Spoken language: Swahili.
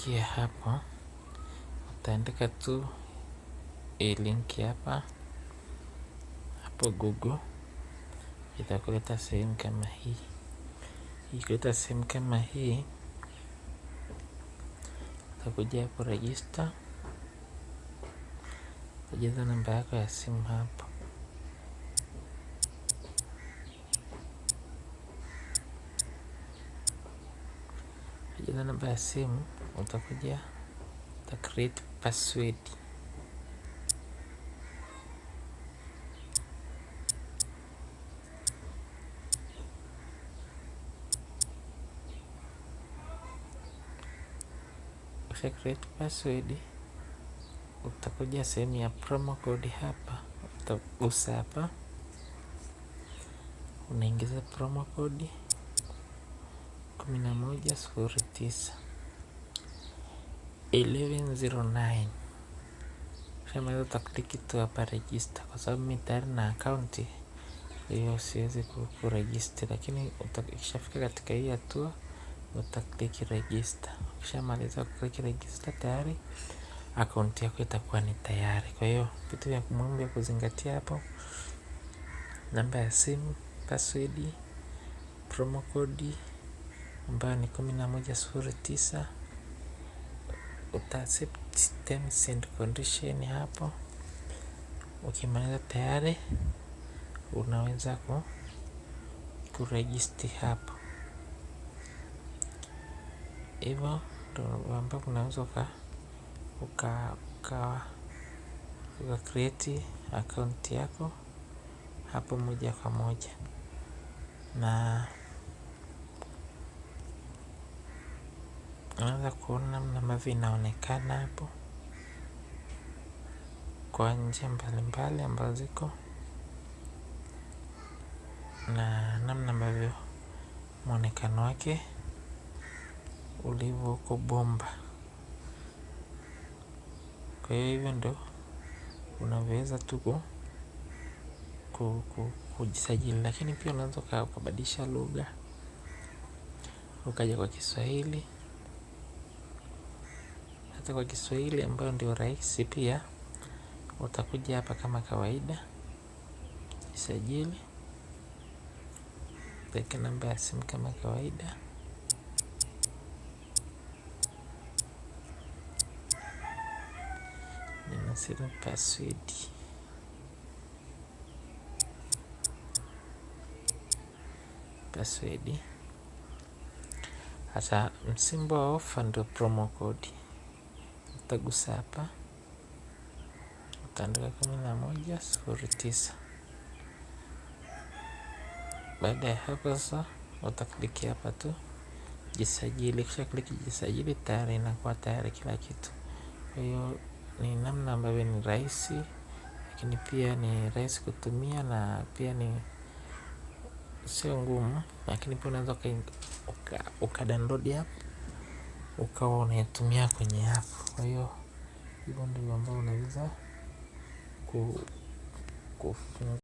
kuingia hapo utaandika tu hii linki hapa hapo Google itakuleta sehemu kama hii. Ikileta sehemu kama hii, utakuja hapo register, utajaza namba yako ya simu hapo Ukijaza namba ya simu utakuja uta create password. Ukisha create password utakuja sehemu ya promo code hapa, utagusa hapa, unaingiza promo code kumi na moja sufuri tisa eleven utakliki oh tu hapa register, kwa sababu mi tayari na akaunti hiyo siwezi kuregister, lakini ukishafika katika hii hatua utakliki register. Ukishamaliza kukliki register tayari akaunti yako itakuwa ni tayari. Kwa hiyo vitu vya muhimu vya kuzingatia hapo, namba ya simu, password, promo code ambayo ni kumi na moja sufuri tisa uta accept terms and condition hapo. Ukimaliza tayari unaweza ku kuregister hapo. Hivyo ndo ambapo unaweza uka uka uka uka create account yako hapo moja kwa moja na Unaweza kuona namna ambavyo inaonekana hapo kwa njia mbalimbali ambazo ziko na namna ambavyo mwonekano wake ulivyo huko bomba. Kwa hiyo hivyo ndo unavyoweza tu kujisajili, lakini pia unaweza ukabadilisha lugha ukaja kwa Kiswahili hata kwa Kiswahili ambayo ndio rahisi pia. Utakuja hapa kama kawaida, jisajili, peke namba ya simu kama kawaida Sina password password. Sasa msimbo wa ofa ndio promo code utagusa hapa, utaandika kumi na moja sufuri tisa. Baada ya hapo sasa utakliki hapa tu jisajili, kisha kliki jisajili, tayari inakuwa tayari kila kitu. Kwa hiyo ni namna ambavyo ni rahisi, lakini pia ni rahisi kutumia na pia ni sio ngumu, lakini pia unaweza ukadownload uka ukawa unaitumia kwenye app. Kwa hiyo hivyo ndivyo ambavyo unaweza kufungua.